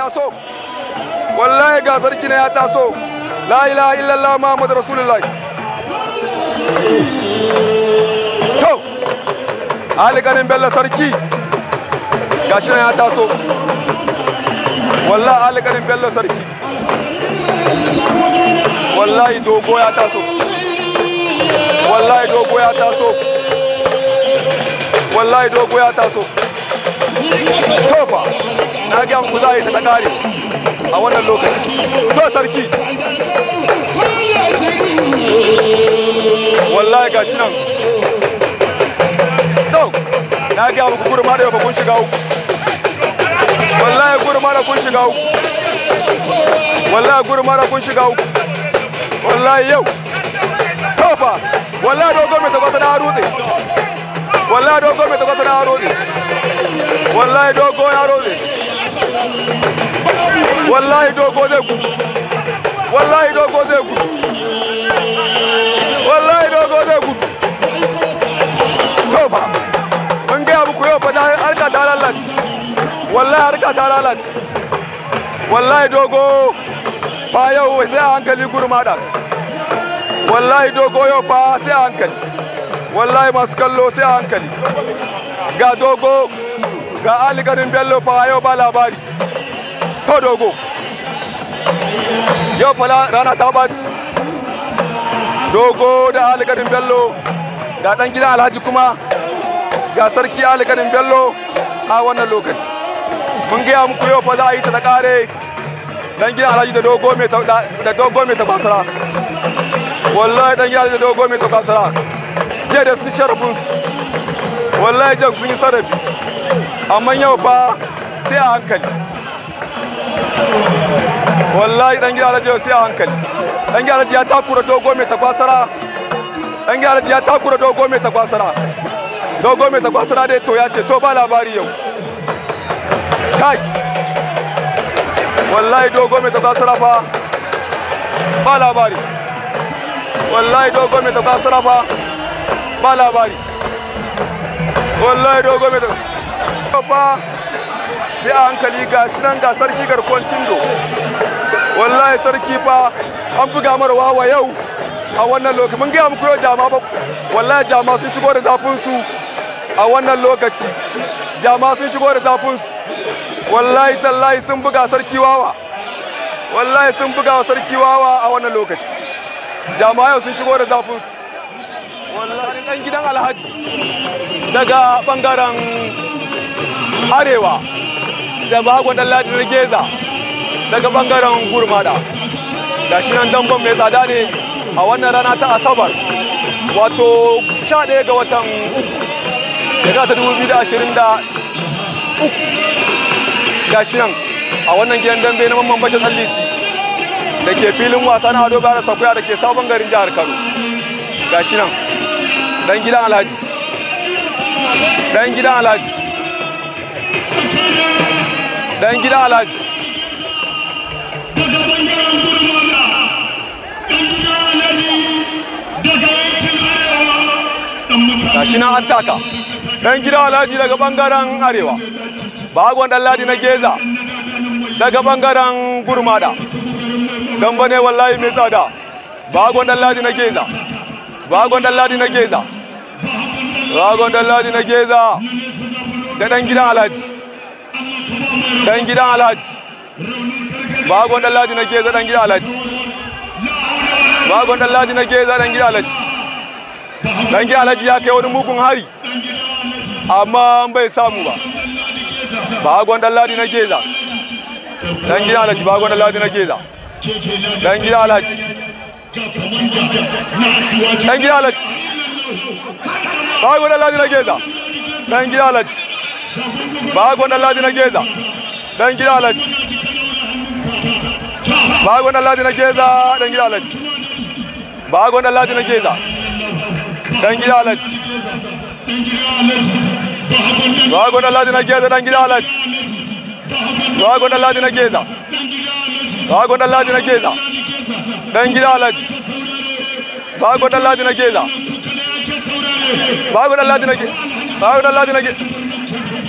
taso wallahi ga sarki na ya taso la ilaha illallah muhammad rasulullah to ali ganin bello sarki gashi na ya taso wallahi ali ganin bello sarki wallahi dogo ya taso wallahi dogo ya taso wallahi dogo ya taso tofa na ga ku za a yi ta kare a wannan lokaci to sarki wallahi ga shi nan to na ga muku gurma da kun shiga uku wallahi gurma da kun shiga uku wallahi gurma da kun shiga uku wallahi yau to fa wallahi dogon mai tabbata na haro ne wallahi dogon mai tabbata na haro ne wallahi dogon ya haro wallahi dogo zai gudu wallahi dogo zai gudu wallahi dogo zai gudu to ba mun gaya muku yau fa da harka ta lalace wallahi harka ta lalace wallahi dogo ba yau sai a hankali gurmada wallahi dogo yau fa sai hankali wallahi masu kallo sai hankali ga dogo ga aligarin bello fa yau ba labari to dogo yau fa rana ta baci dogo da aligarin bello da dan gidan alhaji kuma ga sarki aligarin bello a wannan lokaci mun gaya muku yau fa za a yi ta da kare dan gidan alhaji da dogo mai da dogo mai basara wallahi dan gidan alhaji da dogo mai basara jiya da sun sharafin su wallahi jan sun yi sarafi amma yau fa sai a hankali wallahi dan gida alhaji sai a hankali dan gida alhaji ya takura dogo mai takwasara dan gida alhaji ya takura dogo mai takwasara dogo mai takwasara dai to ya ce to ba labari yau kai wallahi dogo mai takwasara fa ba labari wallahi dogo mai takwasara fa ba labari wallahi dogo mai takwasara babba sai a hankali ga shi nan ga sarki garkon cindo wallahi sarki fa an buga mara wawa yau a wannan lokaci mun gaya muku jama ba wallahi jama sun shigo da zafin su a wannan lokaci jama sun shigo da zafin su wallahi tallahi sun buga sarki wawa wallahi sun buga sarki wawa a wannan lokaci jama yau sun shigo da zafin su wallahi dan gidan alhaji daga bangaren arewa da bago dan ladin geza daga bangaren gurmada shi nan damban mai tsada ne a wannan rana ta asabar wato 11 ga watan uku shekara ta 2023 gashi nan a wannan gidan dambe na mamman bashir alliti da ke filin wasa na ado gara Sakuya da ke sabon garin jihar kano gashi nan dan gidan alhaji dan gidan alhaji dan gida alhaji gashi na an taka dan gida alhaji daga bangaren arewa bagon dan ladi na geza daga bangaren gurmada Dan ne wallahi mai tsada bagon dan ladi na geza bagon dan ladi na geza bagon dan ladi na geza da dan gidan alhaji dan gidan alhaji bagon dan laji na geza dan gidan alhaji bagon dan laji na geza dan gidan alhaji dan gidan alhaji ya kai wani mugun hari amma bai samu ba bagon dan laji na geza dan gidan alhaji bagon dan laji na geza dan gidan alhaji dan gidan alhaji bagon dan laji na geza dan gidan alhaji bago dan ladi na geza dan gida alaji bago dan ladi na geza dan gida alaji bago dan ladi na geza dan gida alaji bago dan ladi na geza dan gida alaji bago dan ladi na geza bago dan ladi na geza dan gida alaji bago dan ladi na geza bago dan ladi na geza bago ladi na geza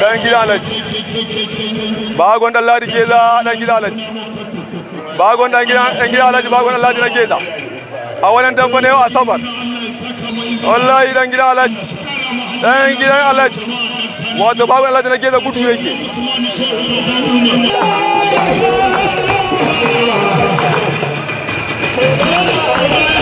dan gida alaji bagon dan ladi keza dan gida alaji bagon dan gida dan gida alaji bagon dan ladi na keza a wannan dan gona a sabar wallahi dan gida alaji dan gida alaji wato bagon alaji na keza gudu yake Thank you.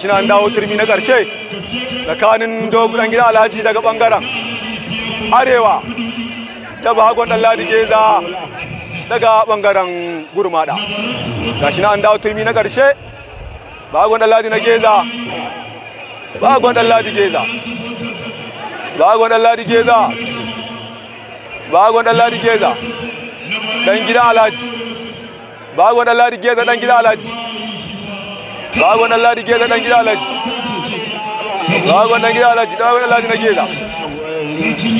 gashi na an dawo turmi na ƙarshe tsakanin dogon gida alhaji daga bangaren arewa da bagon ɗan ladi geza daga bangaren gurmada gashi na an dawo turmi na ƙarshe bagon ɗan ladi na geza bagon ɗan ladi geza bagon ɗan ladi geza bagon ɗan ladi geza ɗan gida alhaji bagon ɗan ladi geza ɗan gida alhaji Gago na ladi geza na gida alaji. Gago na gida alaji, gago na ladi na geza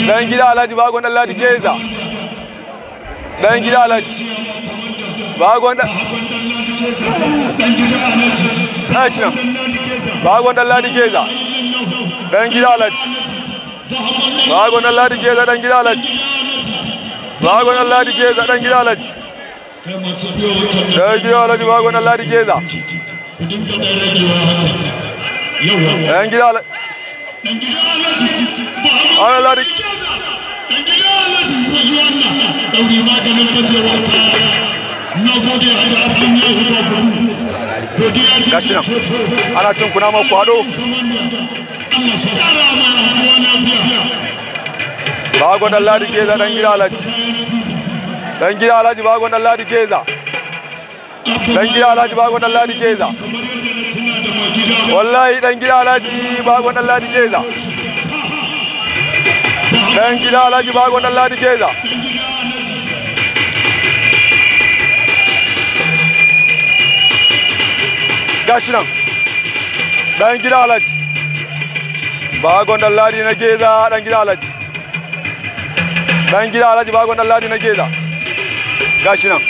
Na gida alaji, gago na ladi geza dan gida alhaji ragon na alhaji nan ragon dan ladi geza dan gida alaji. ragon dan ladi geza dan gida alaji. ragon dan ladi geza dan gida alaji. dan gida alaji, ragon dan ladi geza yan gida ala ala lari nan ana cin kuna ma kwado bagon dan ladi keza dan gida alaji dan gida alaji bagon dan ladi keza dan gida alhaji bago allah ladi keza wallahi dan gida alhaji bago allah ladi keza dan gida alhaji bago allah ladi keza gashi nan dan gida alhaji bagon dan ladi na geza dan gida alhaji dan gida alhaji bagon dan ladi na geza gashi nan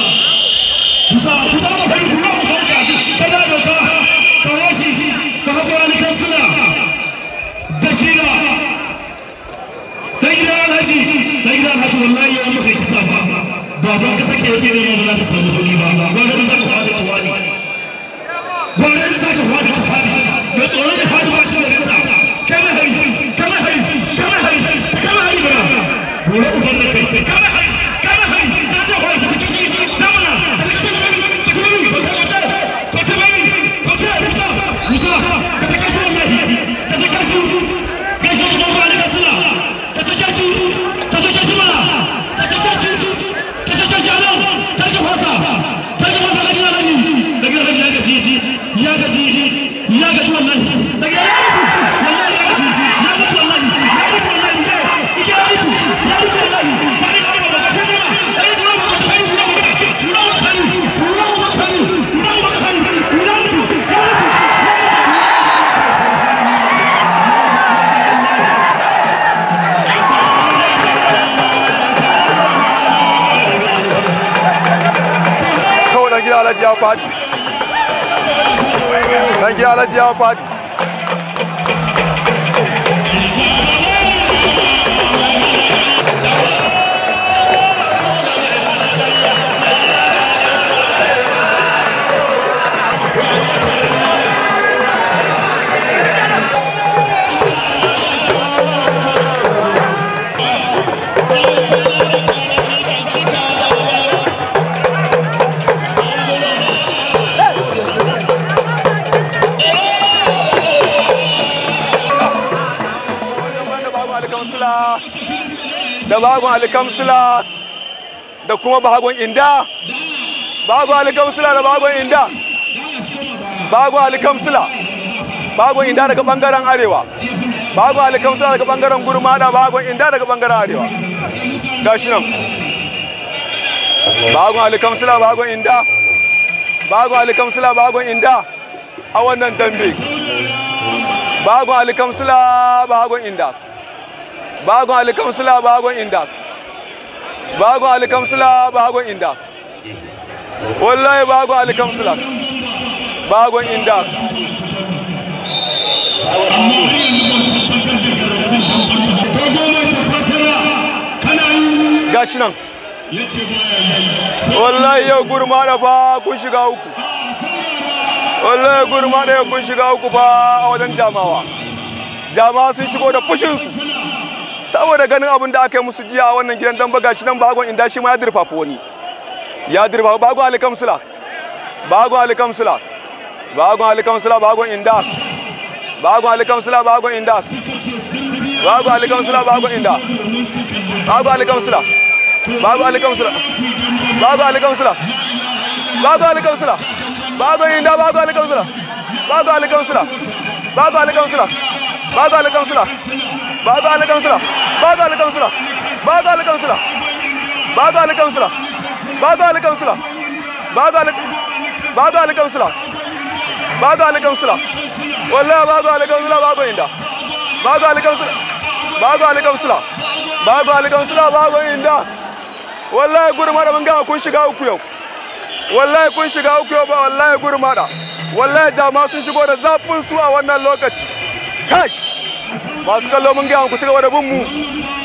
Sudhakar party. Thank you, Alaji, our party. kamsula da bagon alkamsula da kuma bagon inda bagon alkamsula da bagon inda bagon alkamsula bagon inda daga bangaren arewa bagon alkamsula daga bangaren da bagon inda daga bangaren arewa gashi nan bagon alkamsula bagon inda bagon alkamsula bagon inda a wannan dambe bagon alkamsula bagon inda bagon Kamsula bagon inda bagon Kamsula bagon inda wallahi bagon Kamsula bagon inda gashi nan wallahi yau gurma da fa kun shiga uku wallahi gurma da kun shiga uku fa a wajen jamawa jama'a sun shigo da fushinsu saboda ganin abin da aka yi musu jiya a wannan gidan dan baga shi nan bagon inda shi ma ya dirfa wani ya dirfa bagon alikamsula bagon alikamsula bagon alikamsula bagon inda bagon alikamsula bagon inda bagon alikamsula bagon inda bagon alikamsula bagon alikamsula bagon alikamsula bagon alikamsula bagon inda bagon alikamsula bagon alikamsula bagon alikamsula bagon alikamsula babu ali kansila babu ali kansila babu ali kansila babu ali kansila babu ali kansila babu ali babu ali kansila babu ali kansila wallahi babu ali kansila babu inda babu ali kansila babu ali kansila babu ali kansila babu inda wallahi gurmada mun ga kun shiga uku yau wallahi kun shiga uku yau ba wallahi gurmada wallahi jama'a sun shigo da zafin su a wannan lokaci kai masu kallo mun gaya ku ci gaba da bin mu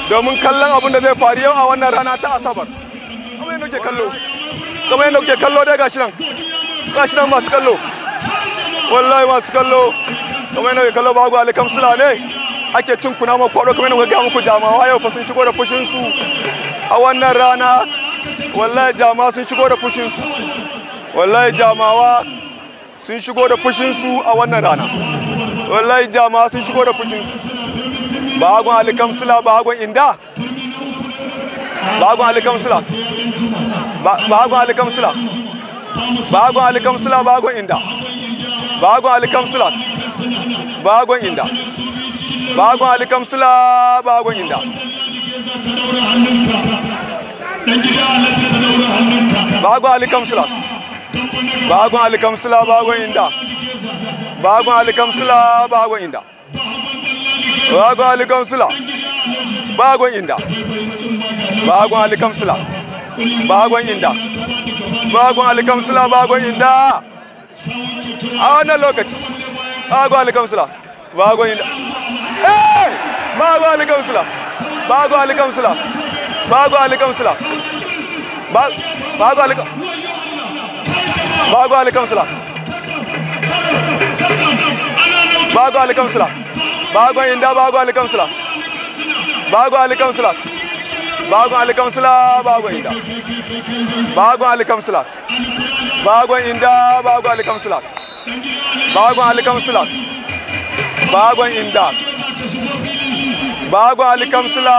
domin kallon abin da zai faru yau a wannan rana ta asabar kamar yadda kuke kallo kamar yadda kuke kallo dai gashi nan gashi nan masu kallo wallahi masu kallo kamar yadda kuke kallo ba ku alikam sula ne ake cin kuna ma kwado kamar yadda kuka gaya muku jamawa yau fa sun shigo da fushin su a wannan rana wallahi jama'a sun shigo da fushin su wallahi jamawa sun shigo da fushin su a wannan rana wallahi jama'a sun shigo da fushin su bagon alkamsula bagon inda bagon alkamsula bagon alkamsula bagon alkamsula bagon inda bagon alkamsula bagon inda bagon alkamsula bagon inda bagon alkamsula bagon alkamsula bagon inda bagon alkamsula bagon inda bagon Kamsula. bagon inda bagon Kamsula. bagon inda bagon Kamsula. bagon inda Ana wannan lokaci bagon Kamsula. bagon inda eh bagon alkamsula bagon alkamsula bagon Kamsula. bagon alkamsula bagon alkamsula bagon Kamsula. bago inda bago ali kansila bago ali kansila bago ali kansila bago inda bago ali kansila bago inda bago ali kansila bago ali kansila bago inda bago ali kansila